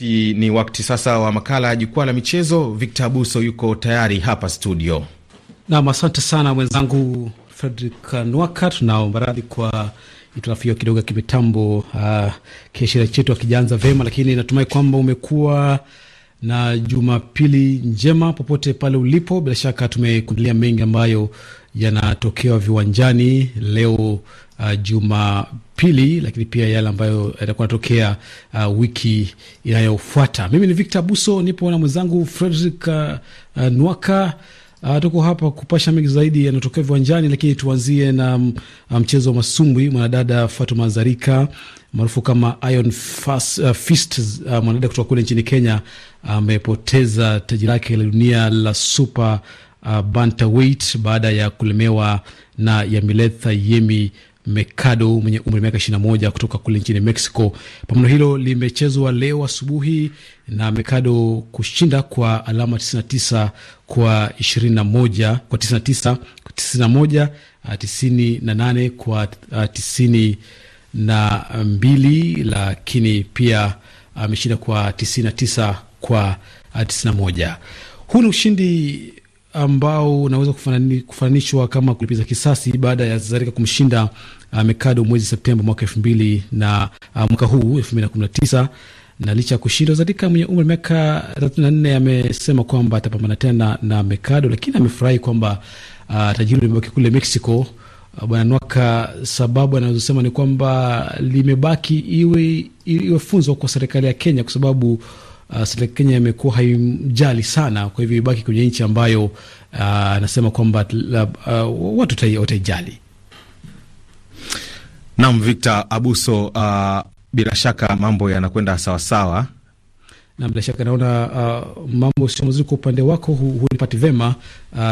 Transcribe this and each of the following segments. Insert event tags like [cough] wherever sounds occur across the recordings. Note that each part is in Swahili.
Ni wakati sasa wa makala ya jukwaa la michezo. Victor Abuso yuko tayari hapa studio. Nam, asante sana mwenzangu Fredrik Nwaka. Tunaomba radhi kwa itirafio kidogo ya kimitambo. Uh, ah, kiashiria chetu akijaanza vema, lakini natumai kwamba umekuwa na Jumapili njema popote pale ulipo. Bila shaka tumekuandalia mengi ambayo yanatokewa viwanjani leo uh, Jumapili, lakini pia yale ambayo yatakuwa anatokea uh, wiki inayofuata. Mimi ni Victor Buso, nipo na mwenzangu Frederick uh, uh, Nwaka. Uh, tuko hapa kupasha mengi zaidi yanayotokea viwanjani, lakini tuanzie na um, uh, mchezo wa masumbwi. Mwanadada Fatuma Zarika maarufu kama Iron Fast, uh, uh, mwanadada kutoka kule nchini Kenya amepoteza uh, taji lake la dunia la super uh, bantamweight baada ya kulemewa na Yamiletha Yemi Mercado mwenye umri wa miaka 21 kutoka kule nchini Mexico. Pambano hilo limechezwa leo asubuhi na Mercado kushinda kwa alama 99 kwa 21 kwa 99 91 98 kwa 92, ah, ah, lakini pia ameshinda kwa 99 kwa 91. Ah, Huu ni ushindi ambao unaweza kufananishwa kama kulipiza kisasi baada ya Zarika kumshinda uh, Mekado mwezi Septemba mwaka elfu mbili na uh, mwaka huu elfu mbili na kumi na tisa na licha ya kushindwa, Zarika mwenye umri miaka nne amesema kwamba atapambana tena na Mekado, lakini amefurahi kwamba uh, tajiri limebaki kule Mexico. Uh, Bwana Nwaka, sababu anazosema ni kwamba limebaki iwe, iwe funzo kwa serikali ya Kenya kwa sababu uh, ah, serikali Kenya imekuwa haimjali sana, kwa hivyo ibaki kwenye nchi ambayo ah, anasema uh, kwamba uh, watu wataijali. Naam, Victor Abuso, uh, bila shaka mambo yanakwenda sawasawa na bila shaka naona uh, mambo sio mazuri kwa upande wako, hunipati hu vema uh,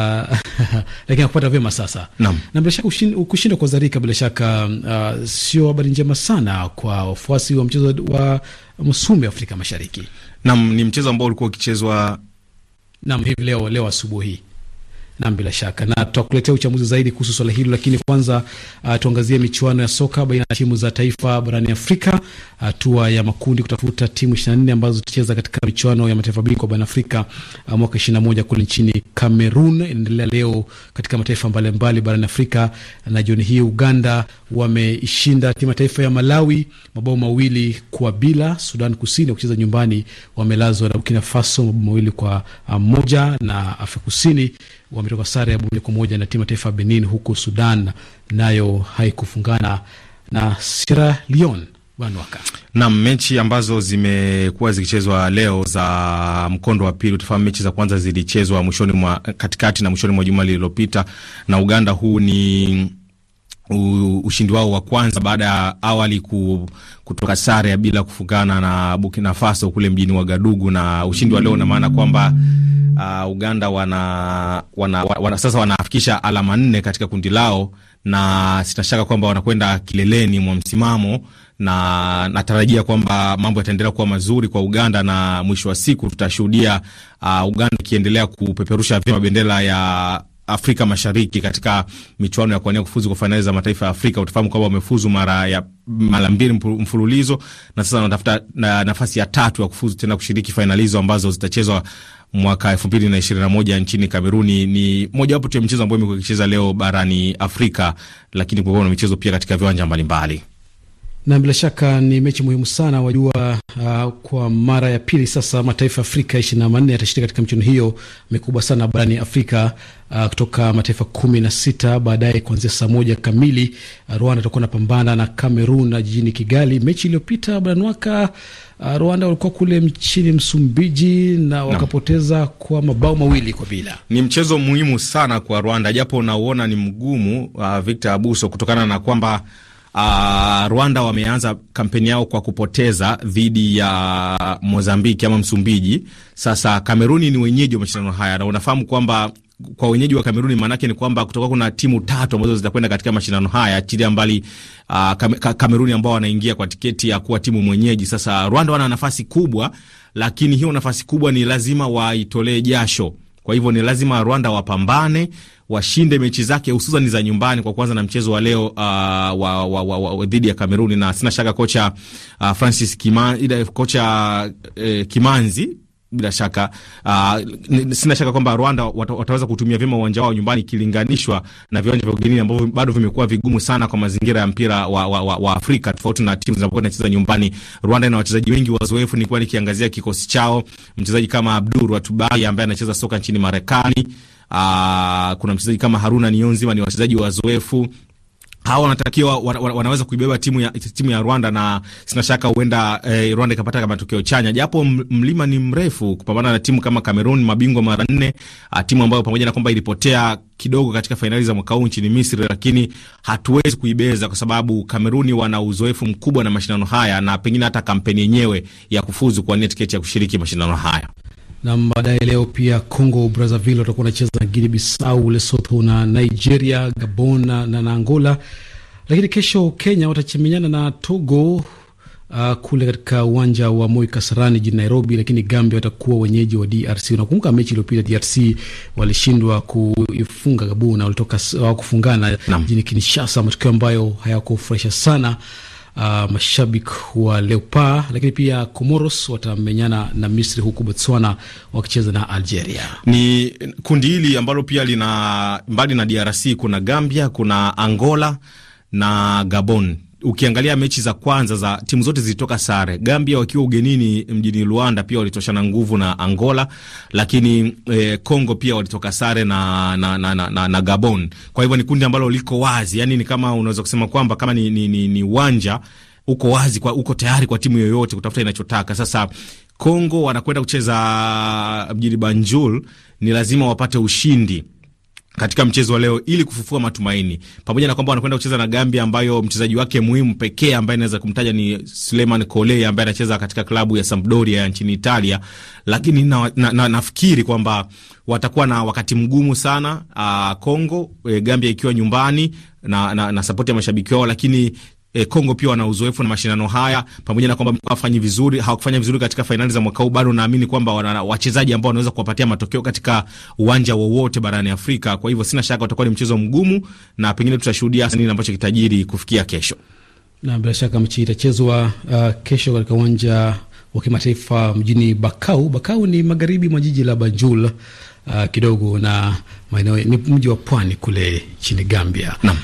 [laughs] lakini nakupata vema sasa Nam. na bila shaka kushinda kwa Zarika bila shaka uh, sio habari njema sana kwa wafuasi wa mchezo wa msumi Afrika Mashariki. Nam, ni mchezo ambao ulikuwa ukichezwa nam hivi leo leo asubuhi na bila shaka na tutakuletea uchambuzi zaidi kuhusu swala hilo, lakini kwanza uh, tuangazie michuano ya soka baina ya timu za taifa barani Afrika, uh, hatua uh, ya makundi kutafuta timu 24 ambazo zitacheza katika michuano ya mataifa bingwa barani Afrika uh, mwaka 21 kule nchini Cameroon. Inaendelea leo katika mataifa mbalimbali barani Afrika, uh, na jioni hii Uganda wameishinda timu ya taifa ya Malawi mabao mawili kwa bila. Sudan Kusini wakicheza nyumbani wamelazwa na Burkina Faso mabao mawili kwa uh, moja na Afrika Kusini wametoka sare ya moja kwa moja na timu ya taifa Benin, huku Sudan nayo haikufungana na Sierra Leone. Naam, mechi ambazo zimekuwa zikichezwa leo za mkondo wa pili, utafahamu mechi za kwanza zilichezwa mwishoni mwa katikati na mwishoni mwa juma lililopita, na Uganda huu ni ushindi wao wa kwanza baada ya awali ku, kutoka sare ya bila kufungana na Burkina Faso kule mjini Wagadugu, na ushindi wa leo una maana kwamba uh, Uganda wana, wana, wana, sasa wanafikisha alama nne katika kundi lao, na sinashaka kwamba wanakwenda kileleni mwa msimamo, na natarajia kwamba mambo yataendelea kuwa mazuri kwa Uganda, na mwisho wa siku tutashuhudia uh, Uganda ikiendelea kupeperusha vyema bendera ya Afrika Mashariki katika michuano ya kuania kufuzu kwa fainali za mataifa ya Afrika. Utafahamu kwamba wamefuzu mara ya mara mbili mfululizo na sasa wanatafuta na nafasi ya tatu ya kufuzu tena kushiriki fainali hizo ambazo zitachezwa mwaka elfu mbili na ishirini na moja nchini Kameruni. Ni mojawapo tu ya michezo ambayo imekuwa ikicheza leo barani Afrika, lakini kumekuwa na michezo pia katika viwanja mbalimbali mbali na bila shaka ni mechi muhimu sana wajua. Uh, kwa mara ya pili sasa mataifa Afrika ishirini na manne yatashiriki katika michuano hiyo mikubwa sana barani Afrika, uh, kutoka mataifa kumi na sita. Baadaye kuanzia saa moja kamili uh, Rwanda atakuwa napambana na Cameroon na jijini Kigali. Mechi iliyopita barani mwaka uh, Rwanda walikuwa kule mchini Msumbiji na wakapoteza no. kwa mabao mawili kwa bila. Ni mchezo muhimu sana kwa Rwanda, japo unauona ni mgumu, uh, Victor Abuso, kutokana na kwamba Uh, Rwanda wameanza kampeni yao kwa kupoteza dhidi ya Mozambiki ama Msumbiji. Sasa Kameruni ni wenyeji wa mashindano haya, na unafahamu kwamba kwa wenyeji wa Kameruni maanake ni kwamba kutoka kuna timu tatu ambazo zitakwenda katika mashindano haya, chilia mbali uh, Kameruni ambao wanaingia kwa tiketi ya kuwa timu mwenyeji. Sasa Rwanda wana nafasi kubwa, lakini hiyo nafasi kubwa ni lazima waitolee jasho kwa hivyo ni lazima Rwanda wapambane, washinde mechi zake hususani za nyumbani, kwa kwanza na mchezo wa leo uh, wa, wa, wa, wa, dhidi ya Kameruni, na sina shaka kocha uh, Francis Kima, ida, kocha uh, Kimanzi bila shaka uh, sina shaka kwamba Rwanda wataweza kutumia vyema uwanja wao nyumbani ikilinganishwa na viwanja vya ugenini ambavyo bado vimekuwa vigumu sana kwa mazingira ya mpira wa, wa, wa, wa Afrika tofauti na timu zinapokuwa zinacheza nyumbani. Rwanda ina wachezaji wengi wazoefu. Nilikuwa nikiangazia kikosi chao, mchezaji kama Abdul Watubai ambaye anacheza soka nchini Marekani. Uh, kuna mchezaji kama Haruna Niyonzima, ni wachezaji wazoefu hawa wanatakiwa wanaweza kuibeba timu ya, timu ya Rwanda na sina shaka huenda eh, Rwanda ikapata matokeo chanya, japo mlima ni mrefu kupambana na timu kama Cameroon, mabingwa mara nne, ah, timu ambayo pamoja na kwamba ilipotea kidogo katika fainali za mwaka huu nchini Misri, lakini hatuwezi kuibeza kwa sababu Kameruni wana uzoefu mkubwa na mashindano haya na pengine hata kampeni yenyewe ya kufuzu kuwania tiketi ya kushiriki mashindano haya na baadaye leo pia Congo Brazzaville watakuwa wanacheza na Guinea Bissau, Lesotho na Nigeria, Gabon na, na Angola. Lakini kesho Kenya watachemenyana na Togo uh, kule katika uwanja wa Moi Kasarani jijini Nairobi, lakini Gambia watakuwa wenyeji wa DRC. Unakumbuka mechi iliyopita DRC walishindwa kuifunga Gabon na walitoka wakufungana jijini Kinshasa, matokeo ambayo hayakufurahisha sana uh, mashabiki wa Leopards, lakini pia Comoros watamenyana na Misri, huku Botswana wakicheza na Algeria. Ni kundi hili ambalo pia lina mbali na DRC kuna Gambia, kuna Angola na Gabon ukiangalia mechi za kwanza za timu zote zilitoka sare. Gambia wakiwa ugenini mjini Luanda pia walitoshana nguvu na Angola, lakini eh, Congo eh, pia walitoka sare na, na, na, na, na, na Gabon. Kwa hivyo ni kundi ambalo liko wazi, yani ni kama unaweza kusema kwamba kama ni, ni, ni, ni uwanja uko wazi kwa, uko tayari kwa timu yoyote kutafuta inachotaka. Sasa Congo wanakwenda kucheza mjini Banjul, ni lazima wapate ushindi katika mchezo wa leo ili kufufua matumaini, pamoja na kwamba wanakwenda kucheza na Gambia ambayo mchezaji wake muhimu pekee ambaye naweza kumtaja ni Suleiman Kole ambaye anacheza katika klabu ya Sampdoria ya nchini Italia, lakini na, na, na, nafikiri kwamba watakuwa na wakati mgumu sana ah, Congo, e, Gambia ikiwa nyumbani na, na, na sapoti ya mashabiki wao, lakini e, Kongo pia wana uzoefu na mashindano haya, pamoja na kwamba hawafanyi vizuri, hawakufanya vizuri katika fainali za mwaka huu, bado naamini kwamba wana wachezaji ambao wanaweza kuwapatia matokeo katika uwanja wowote barani Afrika. Kwa hivyo sina shaka utakuwa ni mchezo mgumu, na pengine tutashuhudia nini ambacho kitajiri kufikia kesho, na bila shaka mchi itachezwa uh, kesho katika uwanja wa kimataifa mjini Bakau. Bakau ni magharibi mwa jiji la Banjul uh, kidogo na maeneo ni mji wa pwani kule nchini Gambia. Naam.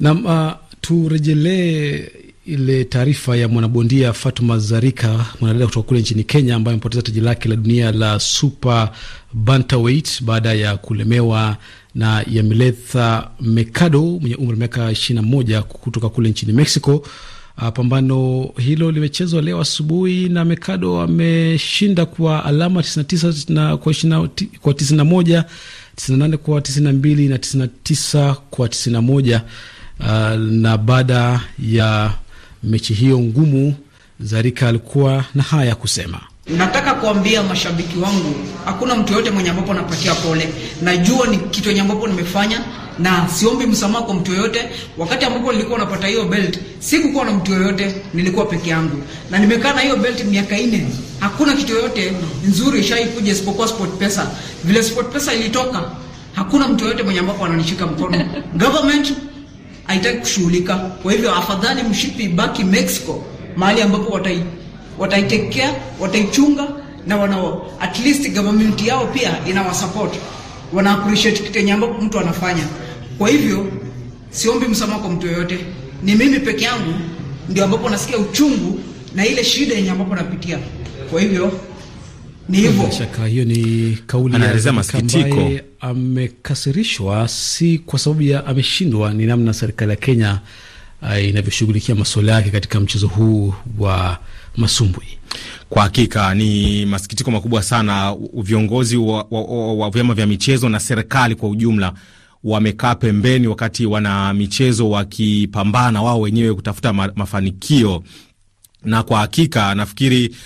Na, uh, turejelee ile taarifa ya mwanabondia Fatuma Zarika, mwanadada kutoka kule nchini Kenya, ambaye amepoteza taji lake la dunia la super bantamweight baada ya kulemewa na Yamiletha Mercado mwenye umri wa miaka 21 kutoka kule nchini Mexico. Ah, pambano hilo limechezwa leo asubuhi na Mercado ameshinda kwa alama 99 kwa 91, 98 kwa 92 na 99 kwa 91 uh, na baada ya mechi hiyo ngumu Zarika alikuwa na haya ya kusema. Nataka kuambia mashabiki wangu, hakuna mtu yoyote mwenye ambapo napatia pole. Najua ni kitu yenye ambapo nimefanya na siombi msamaha kwa mtu yoyote. Wakati ambapo nilikuwa napata hiyo belt, sikukuwa na mtu yoyote, nilikuwa peke yangu, na nimekaa na hiyo belt miaka nne. Hakuna kitu yoyote nzuri ishaikuja isipokuwa Sport Pesa. Vile Sport Pesa ilitoka, hakuna mtu yoyote mwenye ambapo ananishika mkono [laughs] government haitaki kushughulika. Kwa hivyo afadhali mshipi ibaki Mexico, mahali ambapo watai wataitekea wataichunga, na wana at least government yao pia inawasupport, wana appreciate kitenye ambapo mtu anafanya. Kwa hivyo siombi msamaha kwa mtu yoyote, ni mimi peke yangu ndio ambapo nasikia uchungu na ile shida yenye ambapo napitia. Kwa hivyo ni hivyo. Shaka hiyo ni kauli anaelezea masikitiko, amekasirishwa si kwa sababu ya ameshindwa, ni namna serikali ya Kenya uh, inavyoshughulikia masuala yake katika mchezo huu wa masumbwi. Kwa hakika ni masikitiko makubwa sana. Viongozi wa, wa, wa, wa vyama vya michezo na serikali kwa ujumla wamekaa pembeni, wakati wana michezo wakipambana wao wenyewe kutafuta ma, mafanikio na kwa hakika nafikiri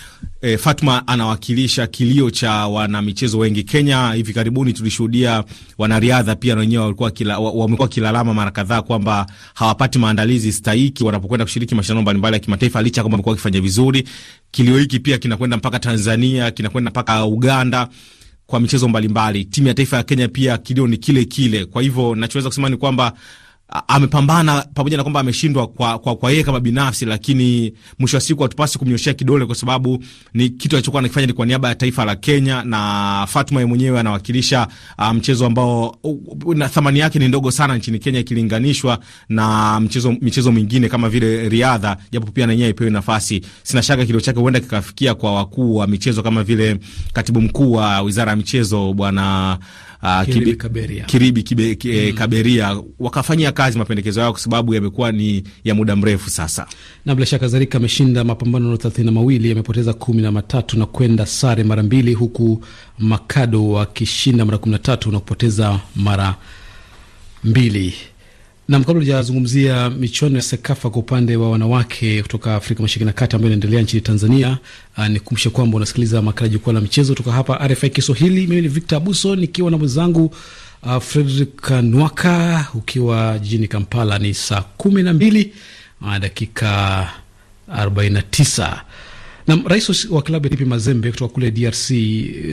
E, Fatma anawakilisha kilio cha wanamichezo wengi Kenya. Hivi karibuni tulishuhudia wanariadha pia na wenyewe walikuwa kila, wamekuwa kilalama mara kadhaa kwamba hawapati maandalizi stahiki wanapokwenda kushiriki mashindano mbalimbali ya kimataifa, licha kwamba wamekuwa wakifanya vizuri. Kilio hiki pia kinakwenda mpaka Tanzania, kinakwenda mpaka Uganda kwa michezo mbalimbali. Timu ya taifa ya Kenya pia kilio ni kile kile. Kwa hivyo nachoweza kusema ni kwamba amepambana pamoja na kwamba ameshindwa kwa, kwa, kwa yeye kama binafsi, lakini mwisho wa siku hatupasi kumnyoshea kidole, kwa sababu ni kitu alichokuwa anakifanya ni kwa niaba ya taifa la Kenya, na Fatuma yeye mwenyewe anawakilisha mchezo um, ambao uh, na thamani yake ni ndogo sana nchini Kenya ikilinganishwa na mchezo michezo mingine kama vile riadha, japo pia na yeye ipewe nafasi. Sina shaka kidole chake huenda kikafikia kwa wakuu wa michezo kama vile katibu mkuu wa Wizara ya Michezo bwana uh, Kiribi Kaberia, Kiribi kibe, eh, mm. Kaberia wakafanyia kazi mapendekezo yao kwa sababu yamekuwa ni ya muda mrefu sasa. Na bila shaka Zarika ameshinda mapambano thelathini na mawili, amepoteza kumi na matatu na kwenda sare mara mbili, huku Makado wakishinda mara kumi na tatu na kupoteza mara mbili. Nam, kabla ujazungumzia michuano ya SEKAFA kwa upande wa wanawake kutoka Afrika Mashariki na Kati ambayo inaendelea nchini Tanzania, ah, nikumbushe kwamba unasikiliza makala Jukwaa la Michezo kutoka hapa RFI Kiswahili. Mimi ni Victor Abuso nikiwa na mwenzangu uh, ah, Fredrik Nwaka ukiwa jijini Kampala. Ni saa kumi na mbili uh, dakika 49. Nam, rais wa klabu ya TP Mazembe kutoka kule DRC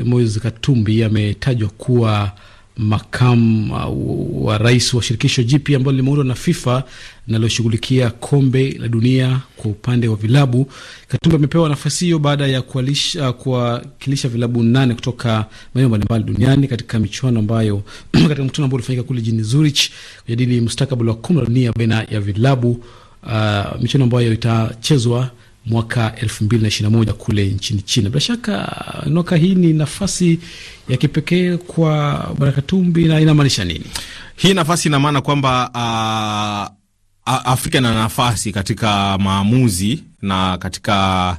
Moise Katumbi ametajwa kuwa makamu uh, wa rais wa shirikisho jipya ambalo limeundwa na FIFA linaloshughulikia kombe la dunia kwa upande wa vilabu. Katumbi amepewa nafasi hiyo baada ya uh, kuwakilisha vilabu nane kutoka maeneo mbalimbali duniani katika michuano ambayo [clears throat] katika mkutano ambao ulifanyika kule jijini Zurich kujadili mustakabali wa kombe la dunia baina ya vilabu uh, michuano ambayo itachezwa mwaka 2021 kule nchini China. Bila shaka noka hii ni nafasi ya kipekee kwa Bwana Katumbi na inamaanisha nini hii nafasi? Ina maana kwamba uh, Afrika ina nafasi katika maamuzi na katika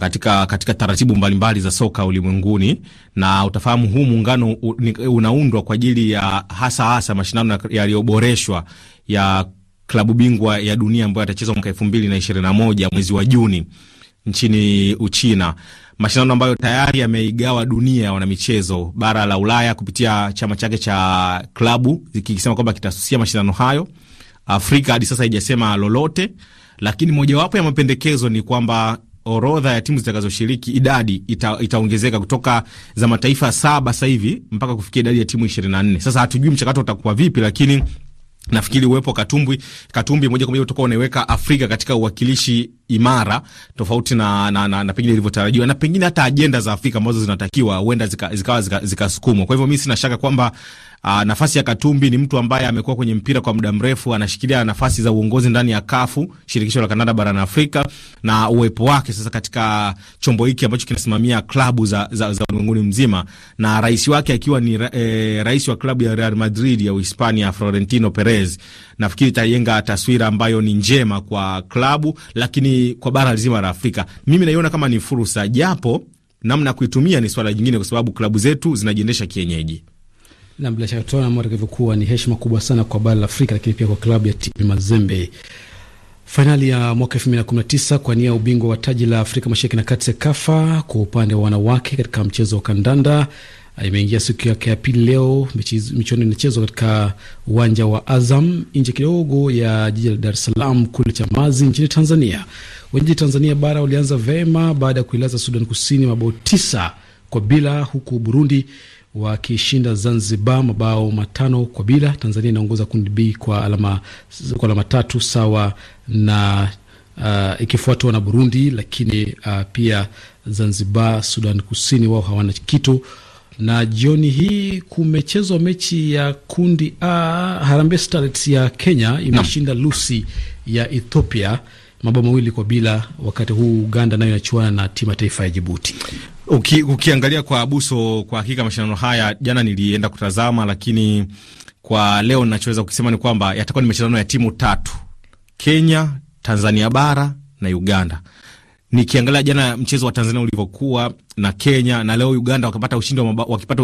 katika, katika taratibu mbalimbali mbali za soka ulimwenguni, na utafahamu huu muungano unaundwa kwa ajili ya hasa hasa mashindano yaliyoboreshwa ya klabu bingwa ya dunia ambayo atachezwa mwaka elfu mbili na ishirini na moja mwezi wa Juni nchini Uchina, mashindano ambayo tayari yameigawa dunia ya wanamichezo. Bara la Ulaya kupitia chama chake cha klabu kikisema kwamba kitasusia mashindano hayo. Afrika hadi sasa haijasema lolote, lakini mojawapo ya mapendekezo ni kwamba orodha ya timu zitakazoshiriki idadi ita, itaongezeka kutoka za mataifa saba sasa hivi mpaka kufikia idadi ya timu 24. Sasa hatujui mchakato utakuwa vipi, lakini Nafikiri uwepo Katumbwi Katumbi moja kwa moja utakuwa unaiweka Afrika katika uwakilishi imara tofauti na, na, na, na pengine ilivyotarajiwa na pengine hata ajenda za Afrika ambazo zinatakiwa huenda zikawa zikasukumwa zika, zika. Kwa hivyo mi sina shaka kwamba Ah, nafasi ya Katumbi ni mtu ambaye amekuwa kwenye mpira kwa muda mrefu, anashikilia nafasi za uongozi ndani ya Kafu, shirikisho la kandanda barani Afrika, na uwepo wake sasa katika chombo hiki ambacho kinasimamia klabu za, za, za ulimwenguni mzima, na rais wake akiwa ni e, rais wa klabu ya Real Madrid ya Uhispania Florentino Perez. Nafikiri itajenga taswira ambayo ni njema kwa klabu, lakini kwa bara zima la Afrika, mimi naiona kama ni fursa, japo namna ya kuitumia ni swala jingine, kwa sababu klabu zetu zinajiendesha kienyeji. Na bila shaka tutaona mara atakavyokuwa. Ni heshima kubwa sana kwa bara la Afrika, lakini pia kwa klabu ya TP Mazembe. Fainali ya mwaka 2019 kwa nia ya ubingwa wa taji la Afrika Mashariki na Kati CECAFA kwa upande wa wanawake katika mchezo wa kandanda imeingia siku yake ya pili leo. Michuano inachezwa katika uwanja wa Azam nje kidogo ya jiji la Dar es Salaam kule Chamazi nchini Tanzania. Wenyeji Tanzania bara walianza vema baada ya kuilaza Sudan Kusini mabao tisa kwa bila, huku Burundi wakishinda Zanzibar mabao matano kwa bila. Tanzania inaongoza kundi B kwa alama, kwa alama tatu sawa na uh, ikifuatwa na Burundi, lakini uh, pia Zanzibar, Sudan Kusini wao hawana kitu. Na jioni hii kumechezwa mechi ya kundi A. Harambee Starlets ya Kenya imeshinda Lusi ya Ethiopia mabao mawili kwa bila. Wakati huu Uganda nayo inachuana na timu ya taifa ya Jibuti. Uki, ukiangalia kwa abuso, kwa hakika mashindano haya jana nilienda kutazama, lakini kwa leo ninachoweza kusema ni kwamba yatakuwa ni mashindano ya timu tatu: Kenya, Tanzania bara na Uganda. Nikiangalia jana mchezo wa Tanzania ulivyokuwa na Kenya na leo Uganda wakipata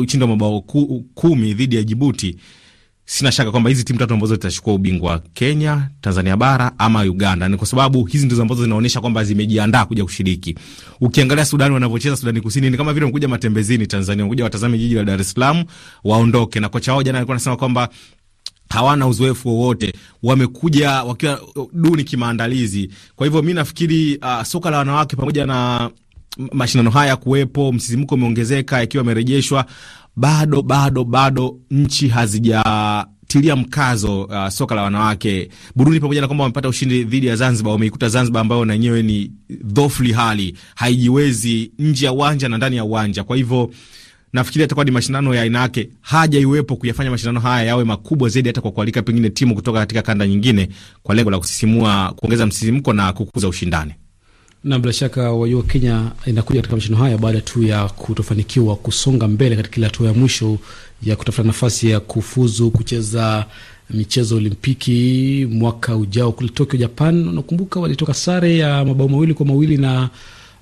ushindi wa mabao kumi dhidi ya Jibuti, sina shaka kwamba hizi timu tatu ambazo zitachukua ubingwa Kenya, Tanzania bara ama Uganda, ni kwa sababu hizi ndizo ambazo zinaonyesha kwamba zimejiandaa kuja kushiriki. Ukiangalia Sudani wanavyocheza, Sudani Kusini ni kama vile wamekuja matembezini Tanzania, wamekuja watazame jiji la Dar es Salaam waondoke, na kocha wao jana alikuwa anasema kwamba hawana uzoefu wowote, wamekuja wakiwa duni kimaandalizi. Kwa hivyo mi nafikiri uh, soka la wanawake pamoja na mashindano haya kuwepo, msisimko umeongezeka ikiwa amerejeshwa bado bado bado nchi hazijatilia mkazo uh, soka la wanawake. Burundi pamoja na kwamba wamepata ushindi dhidi ya Zanzibar, wameikuta Zanzibar ambayo na yenyewe ni dhofli, hali haijiwezi nje ya uwanja na ndani ya uwanja. Kwa hivyo nafikiri atakuwa ni mashindano ya aina yake, haja iwepo kuyafanya mashindano haya yawe makubwa zaidi, hata kwa kualika pengine timu kutoka katika kanda nyingine, kwa lengo la kusisimua, kuongeza msisimko na kukuza ushindani. Na bila shaka wajua, Kenya inakuja katika mashindano haya baada tu ya kutofanikiwa kusonga mbele katika ile hatua ya mwisho ya kutafuta nafasi ya kufuzu kucheza michezo Olimpiki mwaka ujao kule Tokyo, Japan. Unakumbuka walitoka sare ya mabao mawili kwa mawili na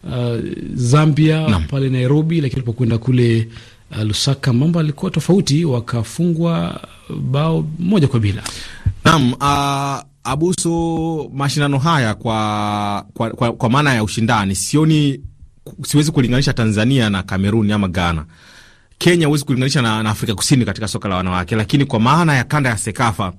uh, Zambia na pale Nairobi, lakini walipokwenda kule uh, Lusaka mambo alikuwa tofauti, wakafungwa bao moja kwa bila. Naam. Uh, Abuso, mashindano haya kwa, kwa, kwa, kwa maana ya ushindani, sioni, siwezi kulinganisha Tanzania na Kameruni ama Ghana. Kenya huwezi kulinganisha na, na Afrika Kusini katika soka la wanawake, lakini kwa maana ya kanda ya Sekafa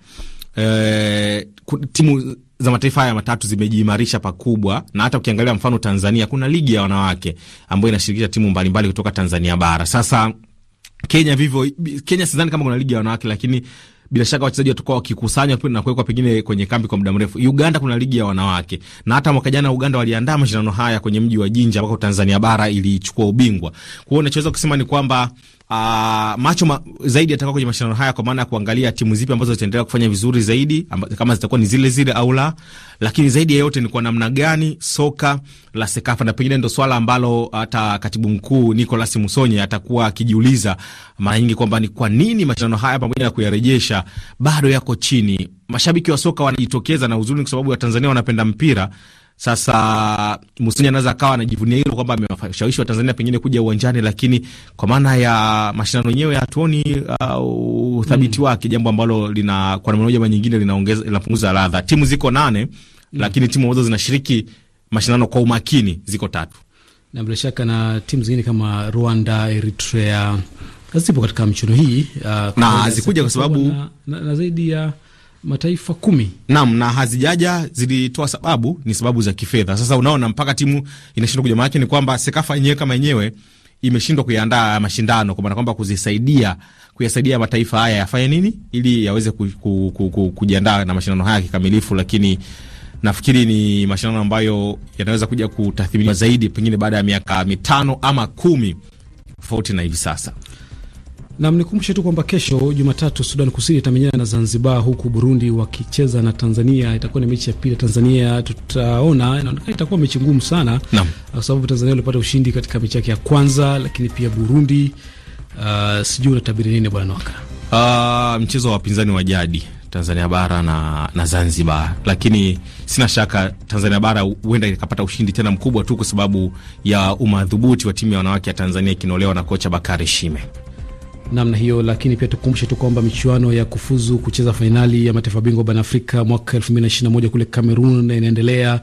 eh, timu za mataifa haya matatu zimejiimarisha pakubwa, na hata ukiangalia mfano Tanzania, kuna ligi ya wanawake ambayo inashirikisha timu mbalimbali mbali kutoka Tanzania bara. Sasa Kenya vivyo Kenya, sidhani kama kuna ligi ya wanawake, lakini bila shaka wachezaji watakuwa wakikusanywa pia na kuwekwa pengine kwenye kambi kwa muda mrefu. Uganda kuna ligi ya wanawake, na hata mwaka jana Uganda waliandaa mashindano haya kwenye mji wa Jinja ambako Tanzania bara ilichukua ubingwa. Kwa hiyo nachoweza kusema ni kwamba Uh, macho ma, zaidi yatakuwa kwenye mashindano haya kwa maana ya kuangalia timu zipi ambazo zitaendelea kufanya vizuri zaidi amba, kama zitakuwa ni zile zile au la, lakini zaidi ya yote ni kwa namna gani soka la Sekafa, na pengine ndo swala ambalo hata katibu mkuu Nicolas Musonye atakuwa akijiuliza mara nyingi kwamba ni kwa nini mashindano haya pamoja na kuyarejesha bado yako chini. Mashabiki wa soka wanajitokeza na uzuri, kwa sababu Watanzania wanapenda mpira sasa Musuni anaweza akawa anajivunia hilo kwamba amewashawishi Watanzania pengine kuja uwanjani, lakini kwa maana ya mashindano yenyewe hatuoni uh, uthabiti mm. wake, jambo ambalo lina kwa namna moja ama nyingine linaongeza linapunguza ladha. Timu ziko nane mm. lakini timu ambazo zinashiriki mashindano kwa umakini ziko tatu, na bila shaka na timu zingine kama Rwanda, Eritrea zipo katika michuano hii uh, na zikuja kwa sababu na, na, na zaidi ya mataifa kumi. Naam, na hazijaja zilitoa sababu, ni sababu za kifedha. Sasa unaona mpaka timu inashindwa kuja, maanake ni kwamba Sekafa yenyewe kama yenyewe imeshindwa kuyaandaa mashindano kwa maana kwamba kuzisaidia kuyasaidia mataifa haya yafanye nini ili yaweze ku, ku, ku, ku, kujiandaa na mashindano haya kikamilifu, lakini nafikiri ni mashindano ambayo yanaweza kuja kutathminiwa zaidi pengine baada ya miaka mitano ama kumi tofauti na hivi sasa. Na mnikumbushe tu kwamba kesho Jumatatu, Sudan Kusini itamenyana na Zanzibar, huku Burundi wakicheza na Tanzania. Itakuwa ni mechi ya pili Tanzania, tutaona. Inaonekana itakuwa mechi ngumu sana, kwa sababu Tanzania walipata ushindi katika mechi yake ya kwanza, lakini pia Burundi. Uh, sijui unatabiri nini bwana Noka? Uh, ah, mchezo wa wapinzani wa jadi Tanzania bara na, na Zanzibar, lakini sina shaka Tanzania bara huenda ikapata ushindi tena mkubwa tu kwa sababu ya umadhubuti wa timu ya wanawake ya Tanzania ikinolewa na kocha Bakari Shime namna hiyo. Lakini pia tukumbushe tu kwamba michuano ya kufuzu kucheza fainali ya mataifa bingwa barani Afrika mwaka 2021 kule Cameroon inaendelea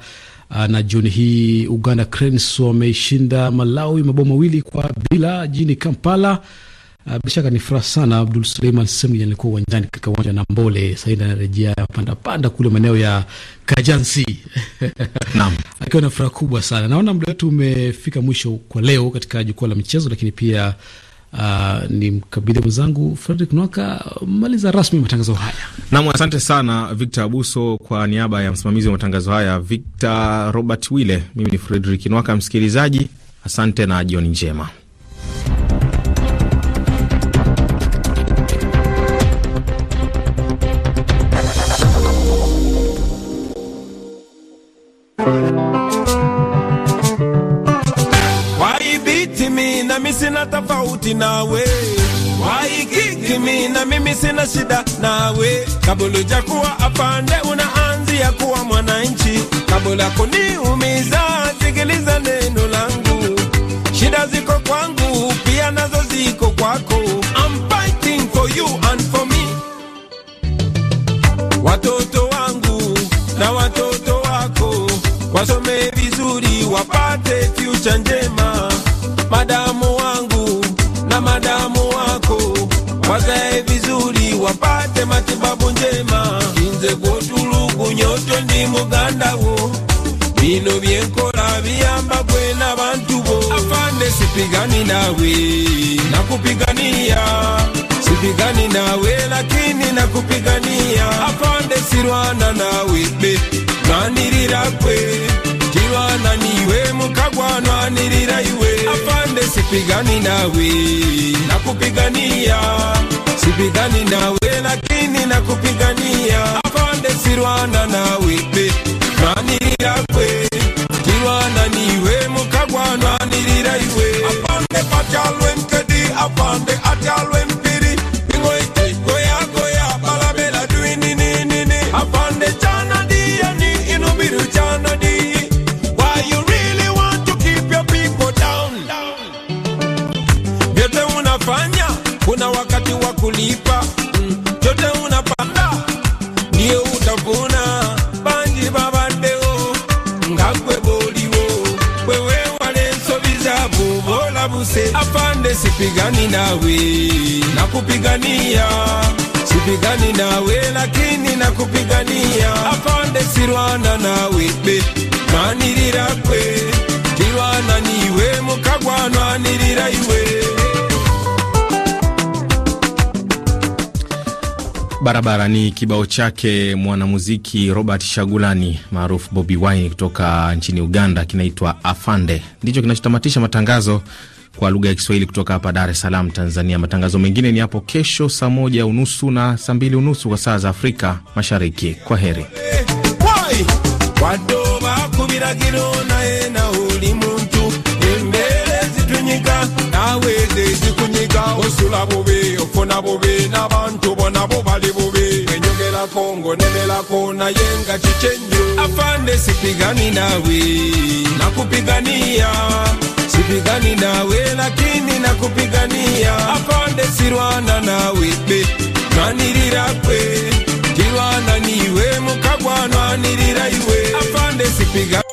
ah, na jioni hii Uganda Cranes wameishinda Malawi mabao mawili kwa bila jini Kampala. Ah, bila shaka ni furaha sana. Abdul Suleiman Semu alikuwa uwanjani katika uwanja na Mbole, sasa hivi panda panda kule maeneo ya Kajansi [laughs] akiwa na furaha kubwa sana. Naona muda wetu umefika mwisho kwa leo katika jukwaa la michezo, lakini pia uh, ni mkabidhi mwenzangu Fredrick Nwaka maliza rasmi matangazo haya. Nam, asante sana Victor Abuso kwa niaba ya msimamizi wa matangazo haya Victor Robert wille Mimi ni Fredrick Nwaka, msikilizaji, asante na jioni njema. tofauti nawe, waikiki mi na mimi sina shida nawe. Kabuluja jakuwa apande, unaanzia kuwa mwananchi. Kabula kuniumiza, sikiliza neno langu. Shida ziko kwangu, pia nazo ziko kwako. I'm fighting for you and for me. Watoto wangu na watoto wako wasome vizuri, wapate future njema madamu mpate matibabu njema inze gwotulugu nyoto ndi muganda wo bino byenkola biyamba gwe bantu bo afande sipigani nawe nakupigania sipigani nawe lakini nakupigania afande sirwana nawe be lwanirira kwe niwe mukagwa nwanirira iwe sipigani nawe, nakupigania, sipigani nawe lakini nakupigania. Afande sirwana nawe pe manira kwe kirwana niwe mukagwana nirira iwe afande patyalwe mkedi afande atyalwe yote unapanda ndiyo utavuna bangi babaddewo nga gwe booliwo gwe weewala ensobi zaabwe oba olabuse apande sipigani naawe nakupigania sipigani nawe lakini nakupigania apande sirwana nawe be manirira kwe kirwana niiwe mukagwanwanirira iwe barabara ni kibao chake mwanamuziki Robert Shagulani maarufu Bobi Wine kutoka nchini Uganda, kinaitwa Afande. Ndicho kinachotamatisha matangazo kwa lugha ya Kiswahili kutoka hapa Dar es Salaam, Tanzania. Matangazo mengine ni hapo kesho saa moja unusu na saa mbili unusu kwa saa za Afrika Mashariki. Kwa heri tofuna bubi n'abantu bona bo bali bubi enyogerako ngonemerako naye nga kikyenyo afande sipigani nawe nakupigania sipigani nawe lakini nakupigania afande sirwana nawe be nanirira kwe niwe mukagwa nwanirira iwe afande sipigani